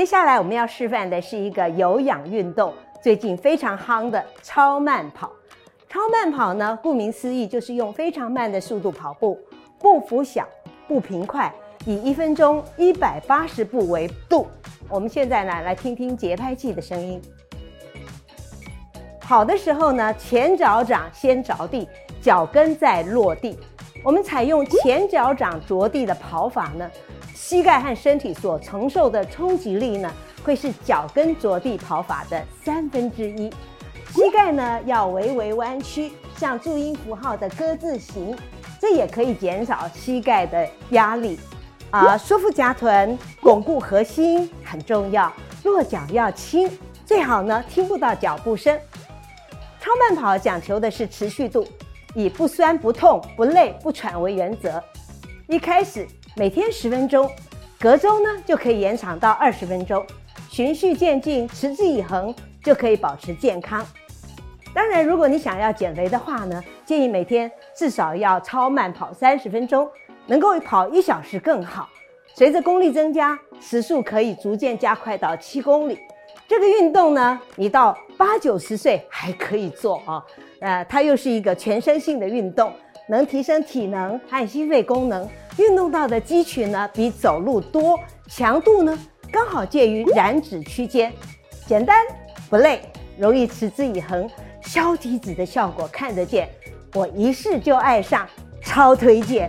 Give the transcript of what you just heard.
接下來我們要示範的是一個有氧運動，最近非常夯的超慢跑。超慢跑呢，顧名思義就是用非常慢的速度跑步，步幅小，步頻快，以一分鐘一百八十步為度。我們現在呢，來聽聽節拍器的聲音。跑的時候呢，前腳掌先着地，腳跟再落地。我們採用前腳掌着地的跑法呢，膝蓋和身體所承受的衝擊力呢，會是腳跟着地跑法的三分之一。膝蓋呢要微微彎曲，像注音符號的 ㄍ 字形，這也可以減少膝蓋的壓力。啊、呃，收腹夾臀，鞏固核心很重要。落腳要輕，最好呢聽不到腳步聲。超慢跑講求的是持續度。以不痠不痛不累不喘為原則，一開始每天十分鐘，隔周呢就可以延長到二十分鐘，循序漸進，持之以恆就可以保持健康。當然，如果你想要減肥的話呢，建議每天至少要超慢跑三十分鐘，能夠跑一小時更好。隨着功力增加，時速可以逐漸加快到七公里。這個運動呢，你到八九十歲還可以做啊。呃，它又是一個全身性的運動，能提升體能和心肺功能。運動到的肌群呢，比走路多，強度呢剛好介於燃脂區間，簡單不累，容易持之以恆，消體脂的效果看得見。我一試就愛上，超推薦。